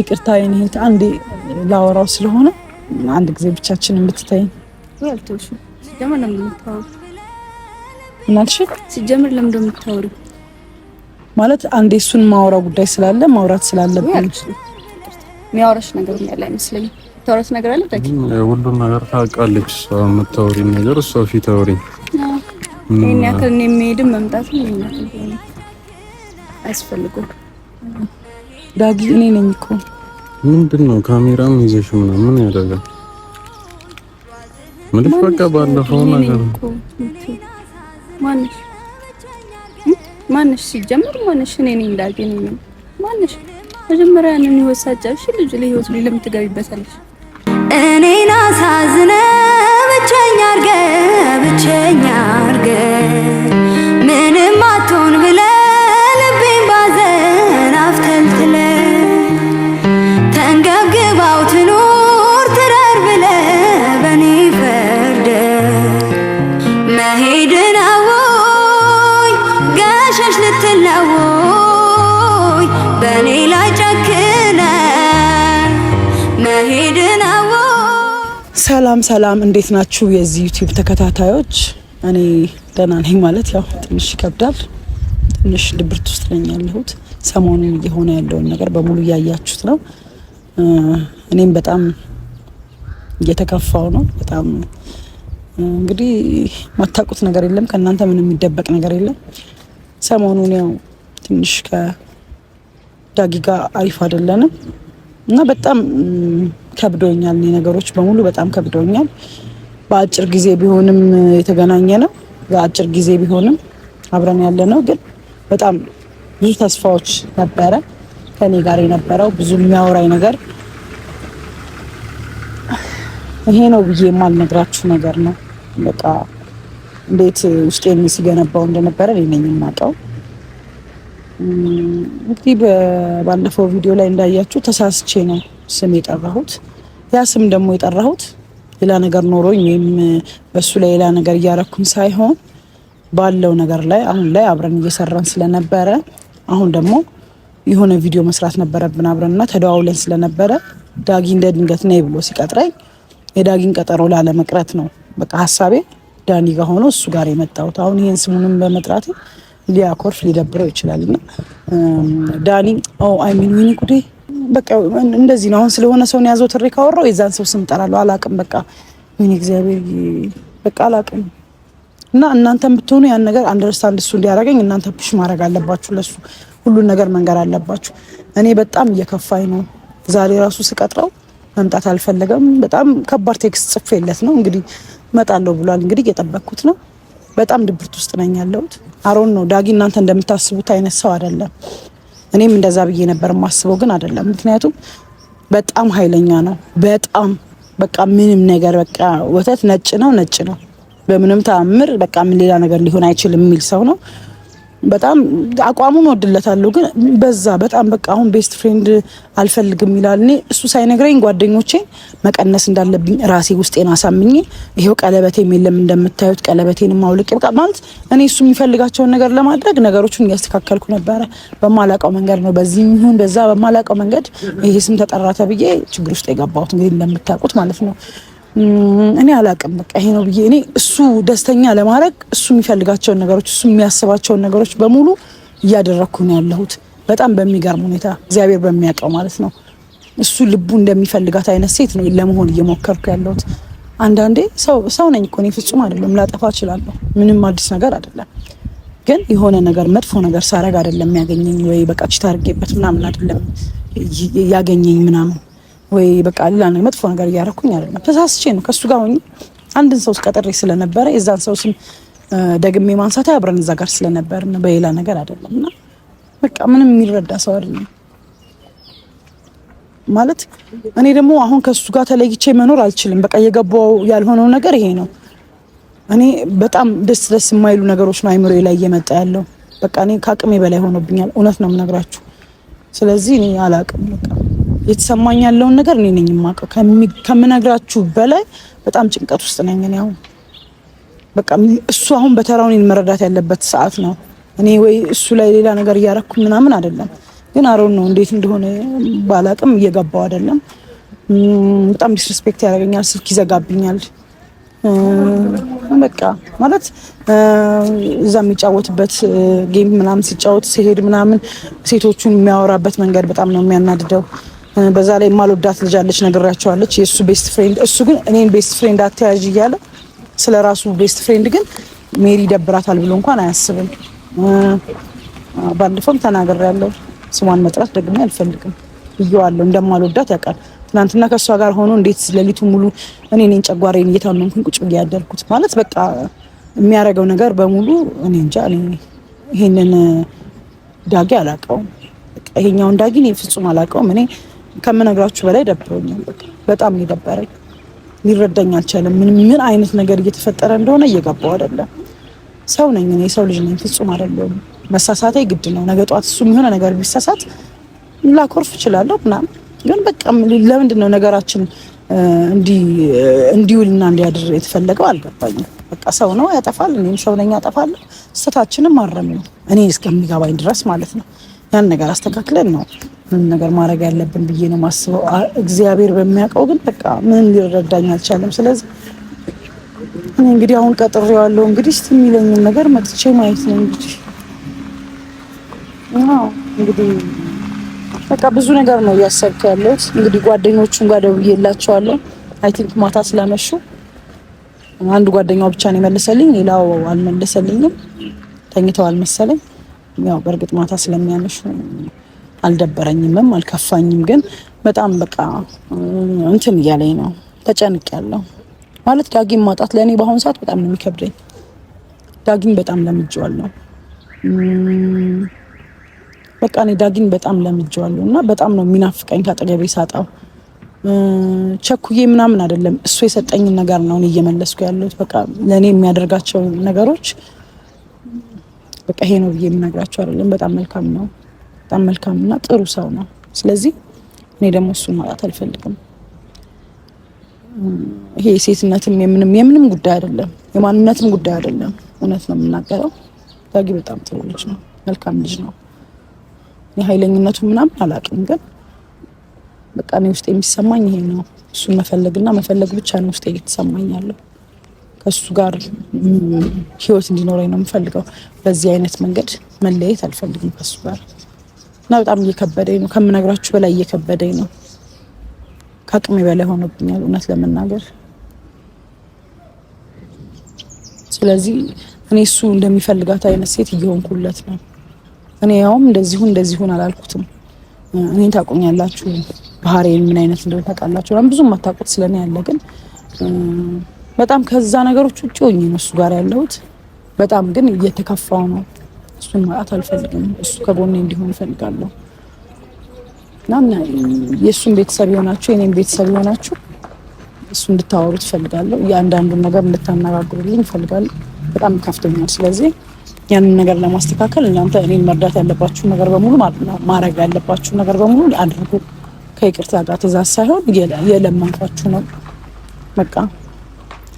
ይቅርታ ይህን አንዴ ላወራው ስለሆነ አንድ ጊዜ ብቻችን ብትተይኝ። ምናልሽ ሲጀምር ለምን እንደምታወሪ ማለት አንዴ እሱን ማወራው ጉዳይ ስላለ ማውራት ስላለብን የሚያወራሽ ነገር ያለ አይመስለኝም። ሁሉም ነገር ታውቃለች። የምታወሪ ነገር እሷ ፊት አውሪ። ይህን ያክል እኔ የምሄድም መምጣትም አያስፈልጉም። ዳጊ እኔ ነኝ እኮ። ምንድን ነው ካሜራም ይዘሽ ምናምን ያደርጋል። ምልሽ በቃ ባለፈው ነገር ማንሽ ማንሽ ሲጀምር ማንሽ እኔ ነኝ ዳጊ ነኝ ማንሽ መጀመሪያ ያንን ይወሳጫሽ ልጅ ለህይወት ላይ ለምን ትገቢበታለሽ? እኔን አሳዝነ ብቸኛ አርገ ብቸኛ አርገ ሰላም ሰላም፣ እንዴት ናችሁ የዚህ ዩቲዩብ ተከታታዮች? እኔ ደህና ነኝ። ማለት ያው ትንሽ ይከብዳል፣ ትንሽ ድብርት ውስጥ ነኝ ያለሁት። ሰሞኑን እየሆነ ያለውን ነገር በሙሉ እያያችሁት ነው። እኔም በጣም እየተከፋው ነው። በጣም እንግዲህ ማታውቁት ነገር የለም፣ ከእናንተ ምንም የሚደበቅ ነገር የለም። ሰሞኑን ያው ትንሽ ከዳጊ ጋር አሪፍ አይደለንም እና በጣም ከብዶኛል። እኔ ነገሮች በሙሉ በጣም ከብዶኛል። በአጭር ጊዜ ቢሆንም የተገናኘ ነው። በአጭር ጊዜ ቢሆንም አብረን ያለ ነው። ግን በጣም ብዙ ተስፋዎች ነበረ ከኔ ጋር የነበረው ብዙ የሚያወራኝ ነገር ይሄ ነው ብዬ የማልነግራችሁ ነገር ነው። በቃ እንዴት ውስጤን ሲገነባው እንደነበረ እኔ ነኝ የማውቀው። እንግዲህ ባለፈው ቪዲዮ ላይ እንዳያችሁ ተሳስቼ ነው ስም የጠራሁት። ያ ስም ደግሞ የጠራሁት ሌላ ነገር ኖሮኝ ወይም በሱ ላይ ሌላ ነገር እያረኩኝ ሳይሆን ባለው ነገር ላይ አሁን ላይ አብረን እየሰራን ስለነበረ አሁን ደግሞ የሆነ ቪዲዮ መስራት ነበረብን አብረንና ተደዋውለን ስለነበረ ዳጊ እንደ ድንገት ነይ ብሎ ሲቀጥረኝ የዳጊን ቀጠሮ ላለመቅረት ነው በቃ ሀሳቤ ዳኒ ጋር ሆኖ እሱ ጋር የመጣሁት። አሁን ይህን ስሙንም በመጥራት ሊያኮርፍ ሊደብረው ይችላል እና ዳኒ አይ ሚን በቃ እንደዚህ ነው። አሁን ስለሆነ ሰውን ያዘው ትሬ ካወራው የዛን ሰው ስም ጠራለሁ። አላቅም በቃ ምን እግዚአብሔር በቃ አላቅም። እና እናንተም ብትሆኑ ያን ነገር አንደርስታንድ እሱ እንዲያደርገኝ እናንተ ፑሽ ማድረግ አለባችሁ። ለሱ ሁሉን ነገር መንገር አለባችሁ። እኔ በጣም እየከፋኝ ነው። ዛሬ ራሱ ስቀጥረው መምጣት አልፈለገም። በጣም ከባድ ቴክስት ጽፌለት ነው እንግዲህ እመጣለሁ ብሏል። እንግዲህ እየጠበቅኩት ነው። በጣም ድብርት ውስጥ ነኝ ያለሁት። አሮን ነው ዳጊ እናንተ እንደምታስቡት አይነት ሰው አይደለም። እኔም እንደዛ ብዬ ነበር የማስበው፣ ግን አይደለም። ምክንያቱም በጣም ኃይለኛ ነው። በጣም በቃ ምንም ነገር በቃ ወተት ነጭ ነው ነጭ ነው። በምንም ተአምር በቃ ምን ሌላ ነገር ሊሆን አይችልም የሚል ሰው ነው። በጣም አቋሙን ወድለታለሁ፣ ግን በዛ በጣም በቃ አሁን ቤስት ፍሬንድ አልፈልግም ይላል። እኔ እሱ ሳይነግረኝ ጓደኞቼ መቀነስ እንዳለብኝ ራሴ ውስጤን አሳምኜ ይሄው ቀለበቴም የለም እንደምታዩት ቀለበቴን ማውለቅ በቃ ማለት እኔ እሱ የሚፈልጋቸውን ነገር ለማድረግ ነገሮችን እያስተካከልኩ ነበረ። በማላውቀው መንገድ ነው በዚህ ይሁን በዛ በማላውቀው መንገድ ይሄ ስም ተጠራ ተብዬ ችግር ውስጥ የገባሁት እንግዲህ እንደምታውቁት ማለት ነው። እኔ አላቅም በቃ ይሄ ነው ብዬ እኔ እሱ ደስተኛ ለማድረግ እሱ የሚፈልጋቸውን ነገሮች እሱ የሚያስባቸውን ነገሮች በሙሉ እያደረግኩ ነው ያለሁት። በጣም በሚገርም ሁኔታ እግዚአብሔር በሚያውቀው ማለት ነው። እሱ ልቡ እንደሚፈልጋት አይነት ሴት ነው ለመሆን እየሞከርኩ ያለሁት። አንዳንዴ ሰው ሰው ነኝ እኮ እኔ ፍጹም አይደለም፣ ላጠፋ እችላለሁ። ምንም አዲስ ነገር አይደለም። ግን የሆነ ነገር መጥፎ ነገር ሳረግ አይደለም ያገኘኝ ወይ በቃ ችታ አድርጌበት ምናምን አይደለም ያገኘኝ ምናምን ወይ በቃ ሌላ መጥፎ ነገር እያደረኩኝ አይደለም። ተሳስቼ ነው ከሱ ጋር ሆኜ አንድን ሰው ቀጥሬ ስለነበረ የዛን ሰው ስም ደግሜ ማንሳት አብረን እዛ ጋር ስለነበር በሌላ ነገር አይደለም። እና በቃ ምንም የሚረዳ ሰው አይደለም ማለት እኔ ደግሞ አሁን ከሱ ጋር ተለይቼ መኖር አልችልም። በቃ የገባው ያልሆነው ነገር ይሄ ነው። እኔ በጣም ደስ ደስ የማይሉ ነገሮች ነው አይምሮ ላይ እየመጣ ያለው። በቃ እኔ ከአቅሜ በላይ ሆኖብኛል። እውነት ነው የምነግራችሁ። ስለዚህ እኔ አላቅም በቃ የተሰማኝ ያለውን ነገር እኔ ነኝ የማውቀው። ከምነግራችሁ በላይ በጣም ጭንቀት ውስጥ ነኝ እኔ አሁን። በቃ እሱ አሁን በተራው እኔን መረዳት ያለበት ሰዓት ነው። እኔ ወይ እሱ ላይ ሌላ ነገር እያረኩ ምናምን አይደለም፣ ግን አሮን ነው እንዴት እንደሆነ ባላቅም እየገባው አይደለም። በጣም ዲስሪስፔክት ያደርገኛል፣ ስልክ ይዘጋብኛል። በቃ ማለት እዛ የሚጫወትበት ጌም ምናምን ሲጫወት ሲሄድ ምናምን ሴቶቹን የሚያወራበት መንገድ በጣም ነው የሚያናድደው። በዛ ላይ የማልወዳት ልጅ አለች ነግራቸዋለች። የእሱ ቤስት ፍሬንድ እሱ ግን እኔን ቤስት ፍሬንድ አተያዥ እያለ ስለ ራሱ ቤስት ፍሬንድ ግን ሜሪ ይደብራታል ብሎ እንኳን አያስብም። ባለፈውም ተናገር ያለው ስሟን መጥራት ደግሞ አልፈልግም ብየዋለሁ። እንደማልወዳት ያውቃል። ትናንትና ከእሷ ጋር ሆኖ እንዴት ሌሊቱ ሙሉ እኔ ኔን ጨጓራዬን እየታመምኩኝ ቁጭ ብዬ ያደርኩት ማለት በቃ የሚያደርገው ነገር በሙሉ እኔ እንጃ። ይሄንን ዳጊ አላውቀውም። ይሄኛውን ዳጊ እኔ ፍጹም አላውቀውም እኔ ከምነግራችሁ በላይ ደብሮኛል። በጣም ነው የደበረኝ። ሊረዳኝ አልቻለም። ምን ምን አይነት ነገር እየተፈጠረ እንደሆነ እየገባው አይደለም። ሰው ነኝ እኔ ሰው ልጅ ነኝ፣ ፍጹም አይደለሁም። መሳሳቴ ግድ ነው። ነገ ጧት እሱም የሆነ ነገር ቢሳሳት ላኮርፍ እችላለሁ ምናምን፣ ግን በቃ ለምንድን ነው ነገራችን እንዲውልና እንዲያድር የተፈለገው አልገባኝም። በቃ ሰው ነው ያጠፋል፣ እኔም ሰው ነኝ ያጠፋለሁ። ስህተታችንም አረም ነው እኔ እስከሚገባኝ ድረስ ማለት ነው። ያን ነገር አስተካክለን ነው ምንም ነገር ማድረግ ያለብን ብዬ ነው ማስበው። እግዚአብሔር በሚያውቀው ግን በቃ ምን ሊረዳኝ አልቻለም። ስለዚህ እኔ እንግዲህ አሁን ቀጥሬዋለሁ። እንግዲህ እስኪ የሚለኝን ነገር መጥቼ ማየት ነው እንግዲህ እንግዲህ በቃ ብዙ ነገር ነው እያሰብክ ያለሁት። እንግዲህ ጓደኞቹን ጋር ደውዬላቸዋለሁ። አይ ቲንክ ማታ ስላመሹ አንድ ጓደኛው ብቻ ነው የመለሰልኝ፣ ሌላው አልመለሰልኝም። ተኝተዋል መሰለኝ። ያው በእርግጥ ማታ ስለሚያመሹ አልደበረኝምም አልከፋኝም። ግን በጣም በቃ እንትን እያለኝ ነው፣ ተጨንቅ ያለው ማለት ዳጊን ማጣት ለእኔ በአሁኑ ሰዓት በጣም ነው የሚከብደኝ። ዳጊን በጣም ለምጄዋለሁ። በቃ እኔ ዳጊን በጣም ለምጄዋለሁ እና በጣም ነው የሚናፍቀኝ ከአጠገቤ ሳጣው። ቸኩዬ ምናምን አይደለም እሱ የሰጠኝን ነገር ነው እኔ እየመለስኩ ያለሁት። በቃ ለእኔ የሚያደርጋቸው ነገሮች በቃ ይሄ ነው ብዬ የምነግራቸው አይደለም። በጣም መልካም ነው። በጣም መልካምና ጥሩ ሰው ነው። ስለዚህ እኔ ደግሞ እሱን ማጣት አልፈልግም። ይሄ የሴትነትም የምንም የምንም ጉዳይ አይደለም፣ የማንነትም ጉዳይ አይደለም። እውነት ነው የምናገረው። ዳጊ በጣም ጥሩ ልጅ ነው፣ መልካም ልጅ ነው። የኃይለኝነቱ ምናምን አላውቅም፣ ግን በቃ እኔ ውስጥ የሚሰማኝ ይሄ ነው። እሱን መፈለግና መፈለግ ብቻ ነው ውስጥ እየተሰማኝ ያለው። ከእሱ ጋር ህይወት እንዲኖረኝ ነው የምፈልገው። በዚህ አይነት መንገድ መለየት አልፈልግም ከእሱ ጋር እና በጣም እየከበደኝ ነው፣ ከምነግራችሁ በላይ እየከበደኝ ነው። ከአቅሜ በላይ ሆኖብኛል እውነት ለመናገር። ስለዚህ እኔ እሱ እንደሚፈልጋት አይነት ሴት እየሆንኩለት ነው። እኔ ያውም እንደዚሁ እንደዚሁን አላልኩትም። እኔን ታቆኛላችሁ ባህሪዬን ምን አይነት እንደሆነ ታውቃላችሁ። በጣም ብዙም አታውቁት ስለኔ ያለ ግን በጣም ከዛ ነገሮች ውጭ ሆኜ ነው እሱ ጋር ያለሁት። በጣም ግን እየተከፋው ነው እሱን ማጣት አልፈልግም። እሱ ከጎኔ እንዲሆን እፈልጋለሁ እና የእሱን ቤተሰብ የሆናችሁ የኔም ቤተሰብ የሆናችሁ እሱ እንድታወሩ ትፈልጋለሁ። የአንዳንዱን ነገር እንድታነጋግሩልኝ እፈልጋለሁ። በጣም ከፍቶኛል። ስለዚህ ያንን ነገር ለማስተካከል እናንተ እኔን መርዳት ያለባችሁ ነገር በሙሉ ማድረግ ያለባችሁ ነገር በሙሉ አድርጉ። ከይቅርታ ጋር ትእዛዝ ሳይሆን የለመንኳችሁ ነው። በቃ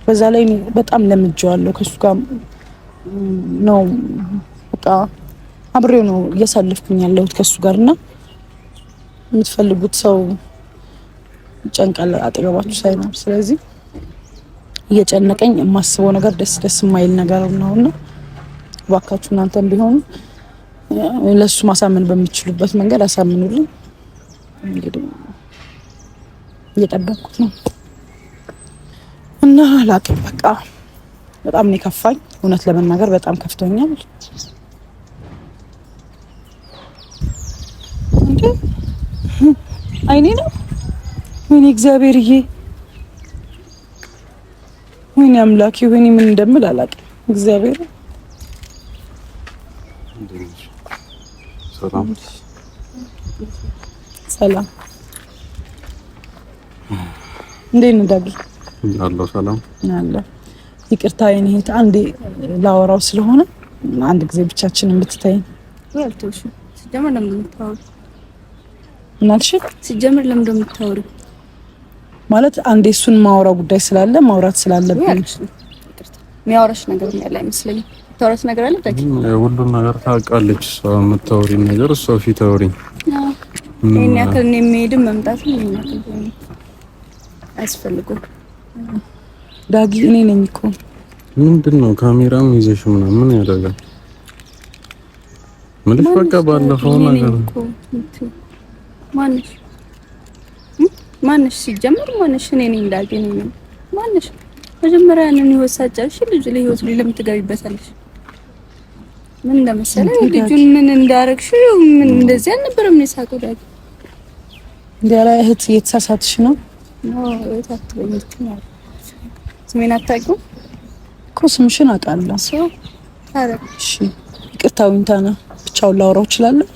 በዛ ላይ በጣም ለምጄዋለሁ ከእሱ ጋር ነው በቃ አብሬው ነው እያሳለፍኩኝ ያለሁት ከሱ ጋር እና የምትፈልጉት ሰው ይጨንቃል አጠገባችሁ ሳይኖር። ስለዚህ እየጨነቀኝ የማስበው ነገር ደስ ደስ የማይል ነገር ነው እና እባካችሁ እናንተም ቢሆኑ ለሱ ማሳመን በሚችሉበት መንገድ አሳምኑልኝ። እንግዲህ እየጠበቅኩት ነው እና ላቅ በቃ በጣም ነው የከፋኝ። እውነት ለመናገር በጣም ከፍቶኛል። እንዴ አይኔ ነው ወይኔ እግዚአብሔርዬ ወይኔ አምላኬ ወይኔ ምን እንደምል አላውቅም እግዚአብሔር ሰላም እንዴት ነው ዳጊ አለሁ ሰላም አለሁ ይቅርታ የኔ እህት አንዴ ላወራው ስለሆነ አንድ ጊዜ ብቻችንን ብትታይኝ እናትሽ ሲጀምር ለምን እንደምታወሩ ማለት አንዴ እሱን ማውራ ጉዳይ ስላለ ማውራት ስላለብኝ የሚያወራሽ ነገር ያለ አይመስለኝም። የምታወራት ነገር አለ። ሁሉን ነገር ታውቃለች። እሷ የምታወሪኝ ነገር እሷ ፊት አውሪኝ። ይህን ያክል እኔ የምሄድም መምጣትም አያስፈልጉም። ዳጊ እኔ ነኝ እኮ ምንድን ነው ካሜራም ይዘሽ ምናምን ያደርጋል ምልሽ በቃ ባለፈው ነገር ማነሽ? ማነሽ? ሲጀመር ማነሽ? እኔ ነኝ ዳግም ነኝ። ማነሽ? መጀመሪያ ያንን ህይወት ሳጫሽ ልጅ ለህይወት ላይ ለምን ትገቢበታለሽ? ምን እንደመሰለ ልጁን ምን እንዳረግሽ ምን እንደዚህ አልነበረም። እኔ ሳቀው ዳግም እህት እየተሳሳትሽ ነው። ስሜን አታውቂውም እኮ ስምሽን አውቃለሁ። ሰው ታረቅሽ ብቻውን ላውራው እችላለሁ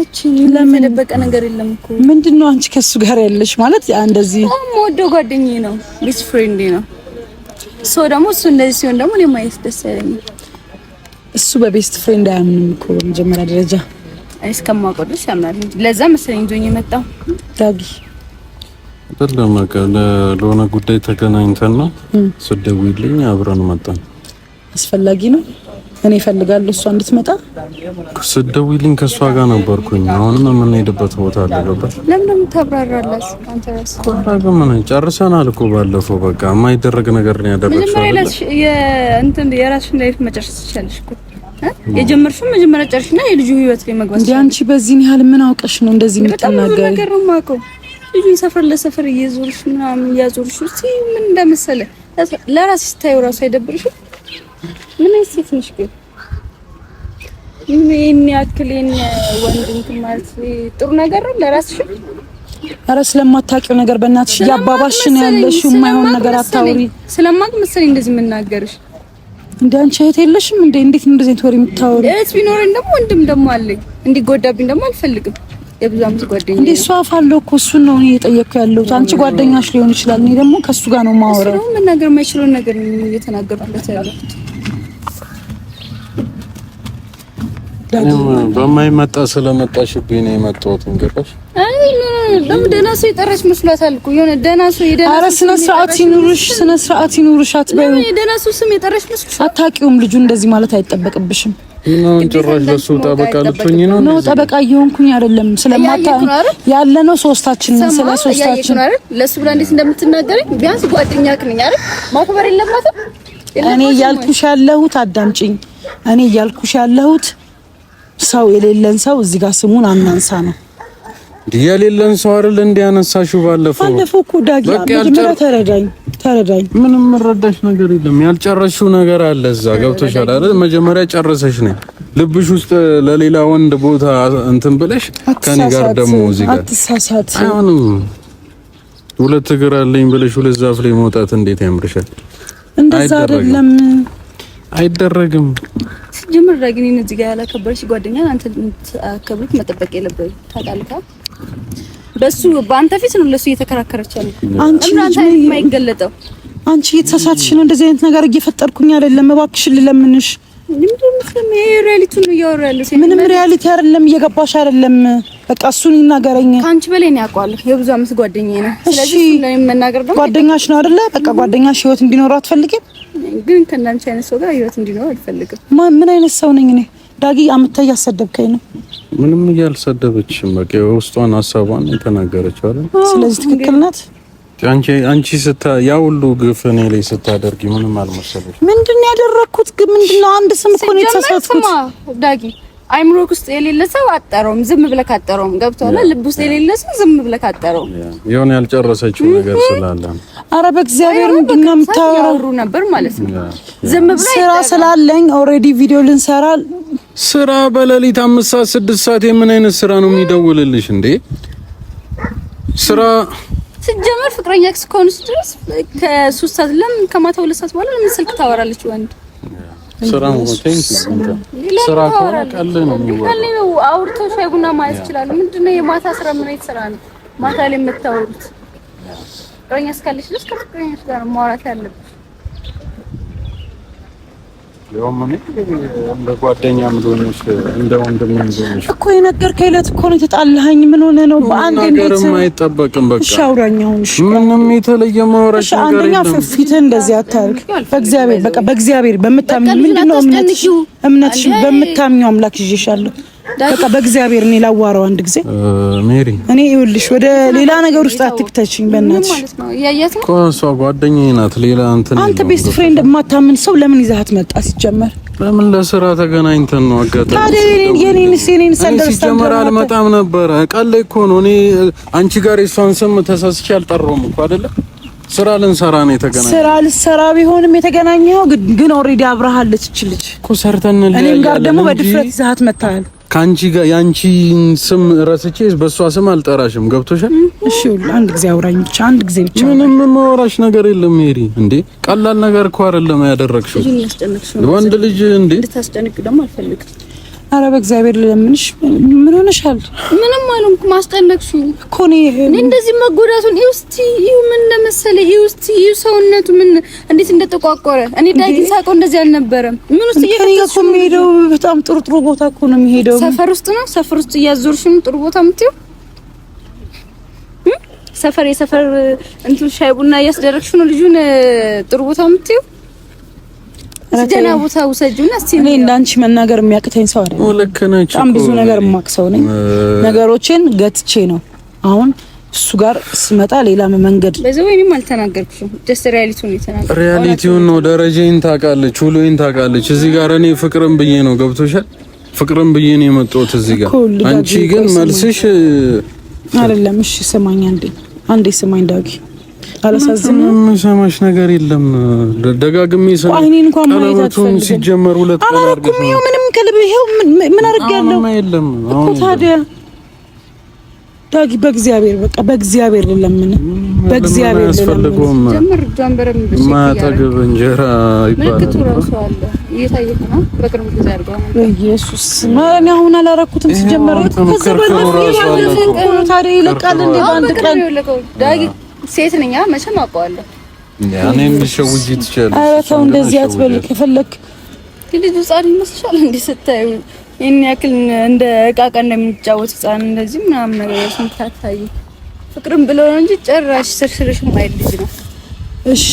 የተደበቀ ነገር የለም እኮ ምንድነው? አንቺ ከሱ ጋር ያለሽ ማለት እንደዚህ የምወደው ጓደኛዬ ነው፣ ቤስት ፍሬንድ ነው። ሶ ደግሞ እሱ እንደዚህ ሲሆን ደግሞ እኔ ማየት ደስ አይለኝም። እሱ በቤስት ፍሬንድ አያምንም እኮ በመጀመሪያ ደረጃ እስከማውቀው ድረስ ያምናል እንጂ ለዛ መሰለኝ ዞኝ የመጣው ዳጊ አይደለም። በቃ ለሆነ ጉዳይ ተገናኝተና ስደውይልኝ አብረን መጣን። አስፈላጊ ነው እኔ እፈልጋለሁ እሷ እንድትመጣ ስትደውይልኝ ከእሷ ጋር ነበርኩኝ። አሁንም የምንሄድበት ቦታ አለ። ገባሽ? ለምን ታብራራለሽ? አንተ ራስ ምን ጨርሰናል እኮ ባለፈው። በቃ የማይደረግ ነገር ነው ያደረግሽው። መጀመሪያ እንትን የራስሽን ላይፍ መጨረስ ትችላለሽ እኮ የጀመርሽው መጀመሪያ ጨርሽና የልጁ ህይወት ላይ መግባት እንዴ። አንቺ በዚህን ያህል ምን አውቀሽ ነው እንደዚህ የምትናገሪ? ነገር ነው የማውቀው። ልጁን ሰፈር ለሰፈር እየዞርሽ ምናምን እያዞርሽ ምን እንደመሰለ ለራስሽ ስታዩ ራሱ አይደብርሽም? ምን ሴት ነሽ ግን ይሄን ያክል ወንድ ማለት ጥሩ ነገር ለራስሽ ኧረ ስለማታውቂው ነገር በእናትሽ እያባባሽ ነው ያለሽው። የማይሆን ነገር አታውሪ። ስለማቅ መሰለኝ እንደዚህ የምናገርሽ። እንደ አንቺ እህት የለሽም እንዴ? እንዴት እንደዚህ ትወሪ የምታወሪ? እህት ቢኖረኝ ደግሞ ወንድም ደግሞ አለኝ። እንዲጎዳብኝ ደግሞ አልፈልግም። የብዙ አመት ጓደኛ እንዴ እሱ አለው እኮ እሱን ነው እኔ እየጠየኩ ያለሁት። አንቺ ጓደኛሽ ሊሆን ይችላል፣ እኔ ደግሞ ከሱ ጋር ነው የማወራው። ምንም ነገር የማይችለውን ነገር ነው እየተናገርኩበት ያለሁት በማይመጣ ስለመጣሽብኝ ነው የመጣሁት። እንገባሽ? አይ ደም ደህና ሰው የጠራች መስሏታል እኮ የሆነ ደህና ሰው የደህና ሰው። ኧረ ስነ ስርዓት ይኑርሽ፣ ስነ ስርዓት ይኑርሽ። አትበይ የደህና ሰው ስም የጠራች መስሎሽ አታውቂውም። ልጁ እንደዚህ ማለት አይጠበቅብሽም። ምንም ጭራሽ ለሱ ጠበቃ ልትሆኚ ነው? ነው ጠበቃ እየሆንኩኝ አይደለም። ስለማታ ያለ ነው ሶስታችን፣ ነን። ስለ ሶስታችን ለሱ ብላ እንዴት እንደምትናገረኝ ቢያንስ ጓደኛክ ነኝ አይደል? ማክበር የለባትም። እኔ እያልኩሽ ያለሁት አዳምጪኝ። እኔ እያልኩሽ ያለሁት ሰው የሌለን ሰው እዚህ ጋር ስሙን አናንሳ ነው የሌለን ሰው አይደል እንዲያነሳሽው ባለፈው ባለፈው እኮ ዳጊ መጀመሪያ ተረዳኝ ተረዳኝ ምንም እረዳሽ ነገር የለም ያልጨረሽው ነገር አለ እዛ ገብቶሻል አይደል መጀመሪያ ጨረሰሽ ነኝ ልብሽ ውስጥ ለሌላ ወንድ ቦታ እንትን ብለሽ ከኔ ጋር ደግሞ እዚህ ጋር አትሳሳት አይሆንም ሁለት እግር አለኝ ብለሽ ሁለት ዛፍ ላይ መውጣት እንዴት ያምርሻል እንደዛ አይደለም አይደረግም ሲጀምር ዳግኔ እዚህ ጋር ያላከበረች ጓደኛን አንተ አከብሩት መጠበቅ የለብህ ታውቃለህ። በሱ በአንተ ፊት ነው ለሱ እየተከራከረች ያለ አንቺ አንተ የማይገለጠው አንቺ እየተሳሳትሽ ነው። እንደዚህ አይነት ነገር እየፈጠርኩኝ አይደለም፣ እባክሽን ልለምንሽ። ምንም ሪያሊቲ አይደለም፣ እየገባሽ አይደለም። በቃ እሱን ይናገረኝ። ከአንቺ በላይ ነው ያውቀዋለሁ፣ የብዙ አመት ጓደኛዬ ነው። ስለዚህ ጓደኛሽ ነው አይደለ? በቃ ጓደኛሽ ህይወት እንዲኖረው አትፈልጊም? ግን ከእናንቺ አይነት ሰው ጋር ህይወት እንዲኖር አልፈልግም። ምን አይነት ሰው ነኝ እኔ? ዳጊ አምታ እያሰደብከኝ ነው። ምንም እያልሰደበችም በቃ የውስጧን ሀሳቧን የተናገረች አለ። ስለዚህ ትክክል ናት። አንቺ አንቺ ስታ ያ ሁሉ ግፍ እኔ ላይ ስታደርጊ ምንም አልመሰለሽ። ምንድን ነው ያደረኩት? ምንድን ነው አንድ ስም እኮ ነው የተሳሳትኩት ዳጊ አይምሮክ ውስጥ የሌለ ሰው አጠረውም፣ ዝም ብለህ አጠረውም። ገብቶሃል? ልብ ውስጥ የሌለ ሰው ዝም ብለህ አጠረውም። የሆነ ያልጨረሰችው ነገር ስላለ አረ በእግዚአብሔር ምንድን ነው የምታወራው ነበር ማለት ነው። ዝም ብለህ ስራ ስላለኝ ኦልሬዲ ቪዲዮ ልንሰራ ስራ በሌሊት አምስት ሰዓት ስድስት ሰዓት የምን አይነት ስራ ነው የሚደውልልሽ እንዴ? ስራ ስትጀምር ፍቅረኛ ከሆነች ድረስ ከሶስት ሰዓት ለምን ከማታ ሁለት ሰዓት በኋላ ለምን ስልክ ታወራለች ወንድ ስራ ስራ ከሆነ ቀል ነው የሚወራው። አውርቶ ሻይ ቡና ማለት ይችላሉ። ምንድን ነው የማታ ስራ? ምን አይነት ስራ ነው ማታ ላይ የምታወሩት? ፍቅረኛ እስካለሽ ድረስ ከፍቅረኛሽ ጋር ማውራት ያለብሽ ያውም እኔ እንደ ጓደኛ ምዶኞች እንደ ወንድም ምዶኞች እኮ የነገርከኝ ዕለት እኮ ነው የተጣላኸኝ። ምን ሆነ ነው በአንድ እንዴት አይጠበቅም። በቃ እሺ፣ አውራኝ እሺ፣ ምንም የተለየ ማውራት ነገር አንደኛ ፊትህን እንደዚህ አታርግ። በእግዚአብሔር በቃ በእግዚአብሔር በምታምኝ ምንድነው እምነትሽ እምነትሽ በምታምኘው አምላክ ይዤሻለሁ በቃ በእግዚአብሔር እኔ ላዋራው አንድ ጊዜ ሜሪ፣ እኔ ይኸውልሽ፣ ወደ ሌላ ነገር ውስጥ አትክተችኝ በእናትሽ። እሷ ጓደኛዬ ናት። ሌላ እንትን አንተ ቤስት ፍሬንድ የማታምን ሰው ለምን ይዛት መጣ? ሲጀመር ለምን ለስራ ተገናኝተን ነው አጋጣሚ። ታዲያ ሲጀመር አልመጣም ነበረ። ቀል እኮ ነው። እኔ አንቺ ጋር የሷን ስም ተሳስቼ አልጠራሁም እኮ አይደለ ስራ ልንሰራ ነው የተገናኘው። ስራ ልሰራ ቢሆንም የተገናኘው ግን ኦልሬዲ አብረሃለች እችልች እኮ ሰርተን እኔም ጋር ደግሞ በድፍረት ይዛት መታል ከአንቺ ጋር የአንቺን ስም ረስቼ በእሷ ስም አልጠራሽም። ገብቶሻል? እሺ አንድ ጊዜ አውራኝ ብቻ፣ አንድ ጊዜ ብቻ። ምንም የማወራሽ ነገር የለም ሜሪ። እንዴ ቀላል ነገር እኮ አይደለም ያደረግሽው። ወንድ ልጅ እንዴ ልታስጨንቅ ደግሞ አልፈልግም አረ በእግዚአብሔር ልለምንሽ፣ ምን ሆነሻል? ምንም አልሆንኩም። አስጠለቅሽኝ እኮ እኔ እንደዚህ መጎዳቱን ይውስቲ ይው ምን እንደመሰለ ይውስቲ ይው ሰውነቱ ምን እንዴት እንደተቋቆረ እኔ ዳጊ ሳቆ እንደዚህ አልነበረም። ምን ውስጥ እየፈተሽ ነው የሚሄደው? በጣም ጥሩ ጥሩ ቦታ እኮ ነው የሚሄደው። ሰፈር ውስጥ ነው ሰፈር ውስጥ እያዞርሽ ነው ጥሩ ቦታ የምትይው ሰፈር የሰፈር እንትን ሻይ ቡና እያስደረግሽ ነው ልጁን ጥሩ ቦታ የምትይው ደህና ቦታ ውሰጂውና እስቲ እኔ እንዳንቺ መናገር የሚያቅተኝ ሰው አይደለም። ልክ ነች። በጣም ብዙ ነገር የማቅ ሰው ነኝ። ነገሮችን ገትቼ ነው አሁን እሱ ጋር ስመጣ ሌላ መንገድ በዚህ ወይንም አልተናገርኩሽም። ደስ ሪያሊቲውን የተናገርኩት ሪያሊቲውን ነው። ደረጃዬን ታውቃለች፣ ሁሉዬን ታውቃለች። እዚህ ጋር እኔ ፍቅርም ብዬ ነው ገብቶሻል። ፍቅርም ብዬ ነው የመጣሁት እዚህ ጋር። አንቺ ግን መልስሽ አይደለም። እሺ ስማኝ አንዴ፣ አንዴ ስማኝ ዳጊ አላሳዝንም። ሰማሽ ነገር የለም ደጋግሜ ሰማሽ። አይኔን እንኳን ማየት አትፈልግም። ሲጀመር ሁለት አላረኩም። ይኸው ምንም ከልብ ይኸው ምን አድርጌያለሁ እኮ ታዲያ ዳጊ በእግዚአብሔር በቃ በእግዚአብሔር ለምን በእግዚአብሔር ለምን ጀምር ጀምበረም ብቻ እንጀራ ይባላል። ኢየሱስ ማርያም አሁን አላረኩትም። ሲጀመር ከዛ በኋላ ታዲያ ይለቃል እንዴ በአንድ ቀን ዳጊ ሴት ነኝ መቼም አውቀዋለሁ። እኔም ልሸውጅ ትችላለህ። ኧረ ተው እንደዚህ አትበል። ከፈለክ ልጁ ሕፃን ይመስልሻል እንዴ ስታዩ? ይህን ያክል እንደ ዕቃ ዕቃ እንደሚጫወት ሕፃን እንደዚህ ምናምን ነገር ስምታታዩ ፍቅርም ብለው ነው እንጂ ጭራሽ ስርስርሽም አይል ልጅ ነው። እሺ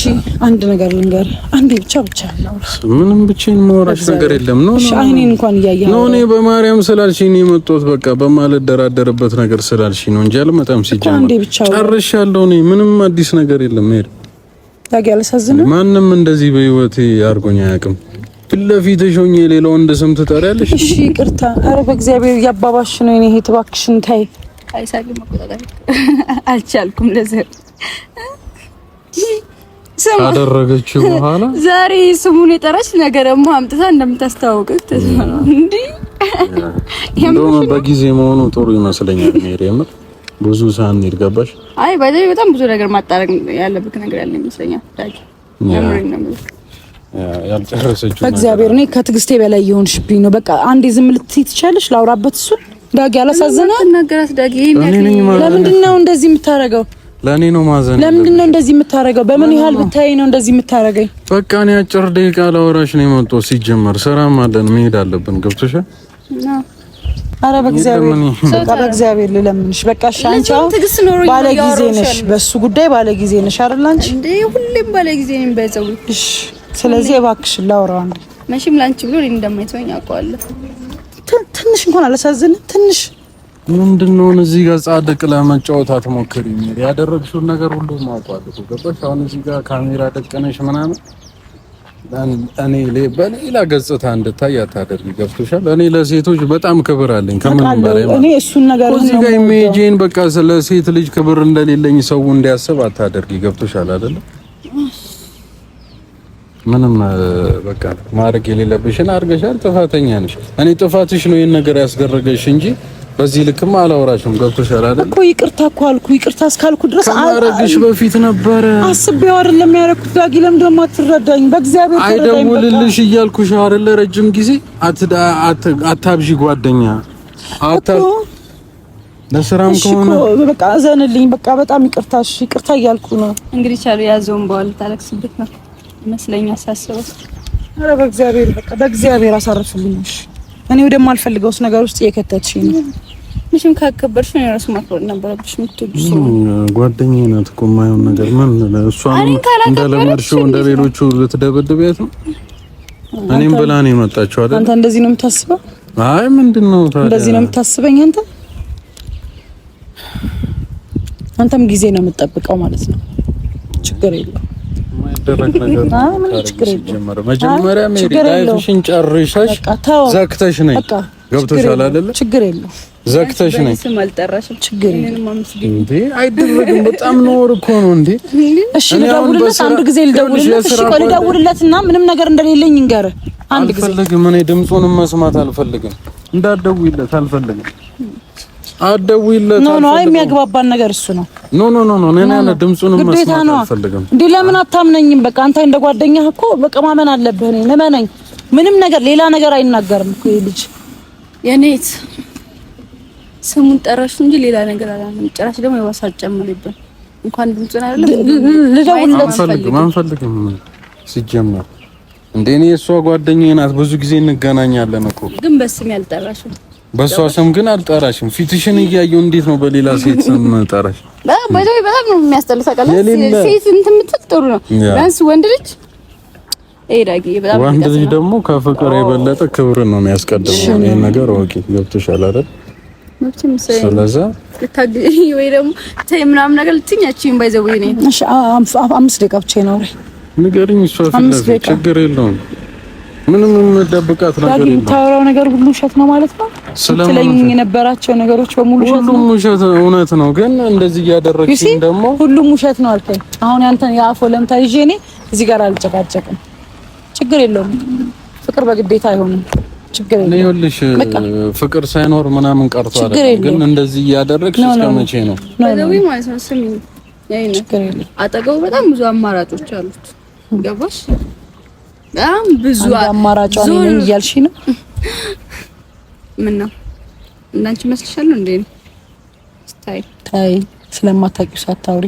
አንድ ነገር ልንገር፣ አንዴ ብቻ ብቻ ነው። ምንም ብቻዬን የማወራሽ ነገር የለም ነው። እሺ አይኔን እንኳን እያየህ ነው። እኔ በማርያም ስላልሽኝ ነው የመጣሁት። በቃ በማልደራደርበት ነገር ስላልሽኝ ነው እንጂ አልመጣም። ሲጀምር አንዴ ብቻ ጨርሻለሁ። እኔ ምንም አዲስ ነገር የለም። ሄድ ታውቂያለሽ፣ አልሳዝንም። ማንም እንደዚህ በህይወቴ አድርጎኝ አያውቅም። ፊት ለፊትሽ ሆኜ ሌላው እንደ ስም ትጠሪያለሽ። እሺ ይቅርታ። አረ በእግዚአብሔር እያባባሽ ነው። እኔ ታይ እባክሽን ተይ። አልቻልኩም ለዘር ካደረገችው በኋላ ዛሬ ስሙን የጠራች ነገ አምጥታ እንደምታስተዋውቅ ተስፋ ነው። እንዲ በጊዜ መሆኑ ጥሩ ይመስለኛል። ሜሪ የምር ብዙ ሳንሄድ ገባሽ። አይ ባይዘይ በጣም ብዙ ነገር ማጣረግ ያለብክ ነገር ያለ ይመስለኛል። ዳጅ ያምረኝ ነው ያልጨረሰችው በእግዚአብሔር እኔ ከትዕግስቴ በላይ የሆንሽብኝ ነው። በቃ አንዴ ዝም ልትይ ትቻለሽ። ላውራበት እሱን ዳጊ አላሳዝናት ነገራት። ዳጊ ለምንድን ነው እንደዚህ የምታደርገው? ለእኔ ነው ማዘን። ለምንድን ነው እንደዚህ የምታረገው? በምን ያህል ብታይ ነው እንደዚህ የምታረገኝ? በቃ እኔ አጭር ደቂቃ ላወራሽ ነው የመጣሁት። ሲጀመር ስራም አለን መሄድ አለብን። ገብቶሻል? ኧረ በእግዚአብሔር ልለምንሽ፣ በቃ ሻንቻው ባለ ጊዜ ነሽ፣ በሱ ጉዳይ ባለ ጊዜ ነሽ አይደል? አንቺ እንደ ሁሌም ባለ ጊዜ ነኝ በዛው። እሺ፣ ስለዚህ እባክሽን ላውራው አንዴ። መቼም ላንቺ ብሎ እኔ እንደማይተወኝ አውቀዋለሁ። ትንሽ እንኳን አላሳዝንም ትንሽ ምንድነው እዚህ ጋር ጻድቅ ለመጫወት አትሞክሪ። ያደረግሽውን ነገር ሁሉ ማውቃለሁ። ገባሽ? አሁን እዚህ ጋር ካሜራ ደቀነሽ ምናምን እኔ በሌላ ገጽታ እንድታይ አታደርጊ። ገብቶሻል? እኔ ለሴቶች በጣም ክብር አለኝ ከምንም በላይ እኔ እሱን ነገር እዚህ ጋር ኢሜጂን በቃ ለሴት ልጅ ክብር እንደሌለኝ ሰው እንዲያስብ አታደርጊ። ገብቶሻል አይደለ? ምንም በቃ ማድረግ የሌለብሽን አድርገሻል። ጥፋተኛ ነሽ። እኔ ጥፋትሽ ነው ይህን ነገር ያስደረገሽ እንጂ በዚህ ልክም አላወራሽም። ገብቶሻል አይደል እኮ። ይቅርታ እኮ አልኩ። ይቅርታ እስካልኩ ድረስ ከማረግሽ በፊት ነበረ አስቤው አይደለም ያደረኩት። ዳጊ ለምን ደግሞ አትረዳኝ? በእግዚአብሔር አይደውልልሽ እያልኩሽ አይደለ? ረጅም ጊዜ አታብዢ ጓደኛ አታ ለስራም ከሆነ በቃ እዘንልኝ። በቃ በጣም ይቅርታሽ ይቅርታ እያልኩ ነው። እንግዲህ ቻሉ ያዘውን በኋላ ታለቅስበት ነው መስለኛ ሳስበው። ኧረ በእግዚአብሔር በቃ በእግዚአብሔር አሳርፍልኝ። እሺ እኔ ወደማልፈልገው ውስጥ ነገር ውስጥ እየከተትሽ ነው። ምንም ካከበርሽ ነው ራሱ ማክበር ነበረብሽ። ምትወዱሽ ጓደኛዬ ናት እኮ የማይሆን ነገር ምን እሷ እንደለመድሽው እንደሌሎቹ ልትደበድቢያት ነው። እኔም ብላ ነው የመጣችው አይደል? አንተ እንደዚህ ነው የምታስበው? አይ ምንድን ነው ታዲያ እንደዚህ ነው የምታስበኝ አንተ? አንተም ጊዜ ነው የምጠብቀው ማለት ነው። ችግር የለም መጀመሪያ ሜሪ ላይፍሽን ጨርሰሽ ዘግተሽ ነኝ። ገብቶሻል አይደለ? ችግር የለውም ዘግተሽ ነኝ። አይደረግም። በጣም ነውር እኮ ነው እንዴ። እሺ ልደውልለት፣ አንድ ጊዜ ልደውልለት። እሺ ቆይ ምንም ነገር እንደሌለኝ ንገር። አንድ ጊዜ አልፈልግም። እኔ ድምፁንም መስማት አልፈልግም። እንዳትደውይለት አልፈልግም አትደውይለት። ኖ ኖ፣ አይ የሚያግባባን ነገር እሱ ነው። ኖ ኖ ኖ ኖ፣ እኔ ያለ ድምፁንም መስማት አልፈልግም። እንዴ ለምን አታምነኝም? በቃ አንተ እንደ ጓደኛህ እኮ በቃ ማመን አለብህ። እኔ እመነኝ፣ ምንም ነገር ሌላ ነገር አይናገርም እኮ ይሄ ልጅ የኔት ስሙን ጠራሽ እንጂ ሌላ ነገር አላለም። ጭራሽ ደግሞ የዋሳ ጨምርብን። እንኳን ድምፁን አይደለም ልደውልለት አንፈልግም ሲጀመር እንዴ እሷ ጓደኛዬ ናት፣ ብዙ ጊዜ እንገናኛለን እኮ ግን በስም ያልጠራሽው በእሷ ስም ግን አልጠራሽም። ፊትሽን እያየሁ እንዴት ነው በሌላ ሴት ስም ጠራሽ? በጣም ነው የሚያስጠላው። ታውቃለህ፣ ሴት እንትን የምትል ጥሩ ነው። ቢያንስ ወንድ ልጅ ወንድ ልጅ ደግሞ ከፍቅር የበለጠ ክብር ነው የሚያስቀድመው። ይሄን ነገር ወቂ ገብቶሻል አይደል? ስለዚህ ልታገኝ ወይ ደግሞ ተይ ምናምን ነገር ልትኛችኝ ባይዘው ይሄ ነው። እሺ አምስት ደቂቃ ብቻ ነው። ንገሪኝ። እሷ ችግር የለውም ምንም የምደብቃት ነገር የለም። የምታወራው ነገር ሁሉ ውሸት ነው ማለት ነው። ስለምን የነበራቸው ነገሮች በሙሉ ውሸት ነው። ሁሉም ውሸት እውነት ነው፣ ግን እንደዚህ እያደረግሽኝ ደግሞ ሁሉም ውሸት ነው አልከኝ። አሁን ያንተ የአፍ ወለምታ ይዤ እኔ እዚህ ጋር አልጨቃጨቅም። ችግር የለውም። ፍቅር በግዴታ አይሆንም። ችግር የለውም። ይኸውልሽ ፍቅር ሳይኖር ምናምን ቀርቶ አይደለም፣ ግን እንደዚህ እያደረግሽ እስከ መቼ ነው? ነው ነው። አጠገቡ በጣም ብዙ አማራጮች አሉት። ገባሽ? በጣም ብዙ አማራጭ ነኝ እያልሽ ነው። ምን ነው እንዳንቺ መስልሻለሁ እንዴ? ስታይ ታይ ስለማታውቂው ሳታውሪ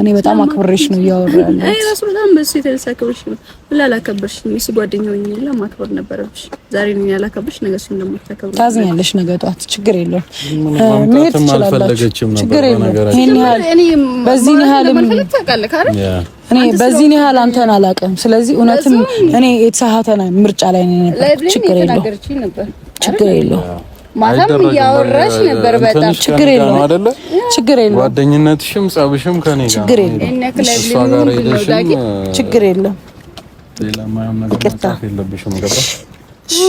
እኔ በጣም አክብሬሽ ነው እያወራ ያለው። አይ ራሱ በጣም በሱ የተነሳ አክብሬሽ ነው። ሁላ አላከብርሽም። እሱ ጓደኛው ይኛላ ማክበር ነበረብሽ። ዛሬ ነው ያላከብርሽ፣ ነገ እሱን እንደማታከብር ታዝኛለሽ። ነገ ጧት ችግር የለውም መሄድ ትችላላችሁ። ችግር የለውም። ይሄን ያህል በዚህ ያህል ምን ታውቃለህ አይደል እኔ በዚህ ያህል አንተን አላውቅም። ስለዚህ እውነትም እኔ የተሳሳተን ምርጫ ላይ ነኝ ነበር። ችግር የለውም፣ ችግር የለውም። ማታም እያወራሽ ነበር። በጣም ችግር የለውም አይደለ? ችግር የለውም። ጓደኝነትሽም ጸብሽም ከኔ ጋር ችግር የለውም። ችግር የለውም። ይቅርታ፣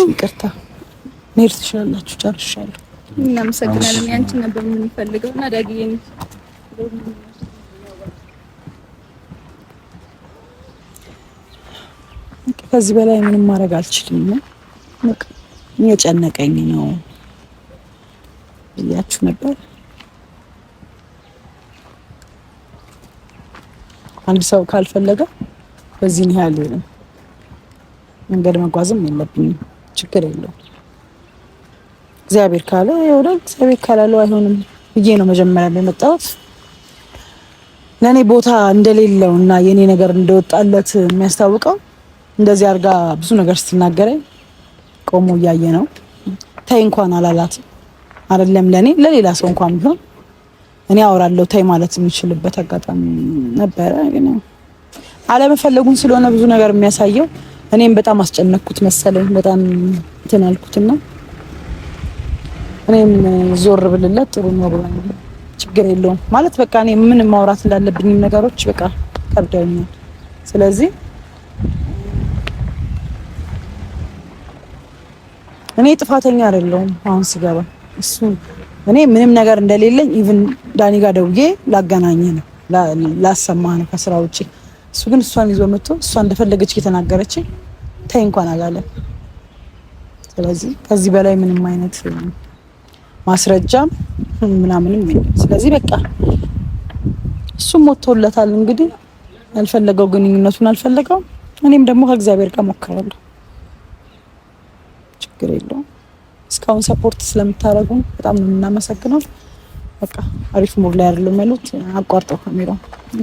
ይቅርታ። መሄድ ትችላላችሁ። ጨርሻለሁ። እናመሰግናለን። ያንቺን ነበር የምንፈልገው እና ዳግዬ ከዚህ በላይ ምንም ማድረግ አልችልም ነው ነው እያችሁ ነበር። አንድ ሰው ካልፈለገ በዚህን ያህል መንገድ መጓዝም የለብኝም። ችግር የለው። እግዚአብሔር ካለ ይሆናል፣ እግዚአብሔር ካላለው አይሆንም ብዬ ነው መጀመሪያ የመጣሁት። ለእኔ ቦታ እንደሌለው እና የእኔ ነገር እንደወጣለት የሚያስታውቀው እንደዚህ አድርጋ ብዙ ነገር ስትናገረኝ ቆሞ እያየ ነው። ተይ እንኳን አላላት አይደለም ለኔ ለሌላ ሰው እንኳን ቢሆን እኔ አወራለሁ ተይ ማለት የሚችልበት አጋጣሚ ነበረ። ግን አለመፈለጉን ስለሆነ ብዙ ነገር የሚያሳየው እኔም በጣም አስጨነቅኩት መሰለኝ። በጣም እንትን አልኩትና እኔም ዞር ብልለት ጥሩ ነው ችግር የለውም ማለት በቃ እኔ ምን ማውራት እንዳለብኝም ነገሮች በቃ ከብደውኛል። ስለዚህ እኔ ጥፋተኛ አይደለሁም። አሁን ስገባ እሱ እኔ ምንም ነገር እንደሌለኝ ኢቭን ዳኒ ጋር ደውዬ ላገናኘ ነው ላሰማ ነው ከስራ ውጭ። እሱ ግን እሷን ይዞ መጥቶ እሷ እንደፈለገች እየተናገረች ተይ እንኳን አላለም። ስለዚህ ከዚህ በላይ ምንም አይነት ማስረጃም ምናምንም ስለዚህ በቃ እሱም ሞቶለታል እንግዲህ አልፈለገው ግንኙነቱን አልፈለገው። እኔም ደግሞ ከእግዚአብሔር ጋር ሞክራለሁ። ችግር የለውም። እስካሁን ሰፖርት ስለምታደርጉን በጣም ነው የምናመሰግነው። በቃ አሪፍ ሙድ ላይ አይደለም ያሉት አቋርጠው ካሜራውን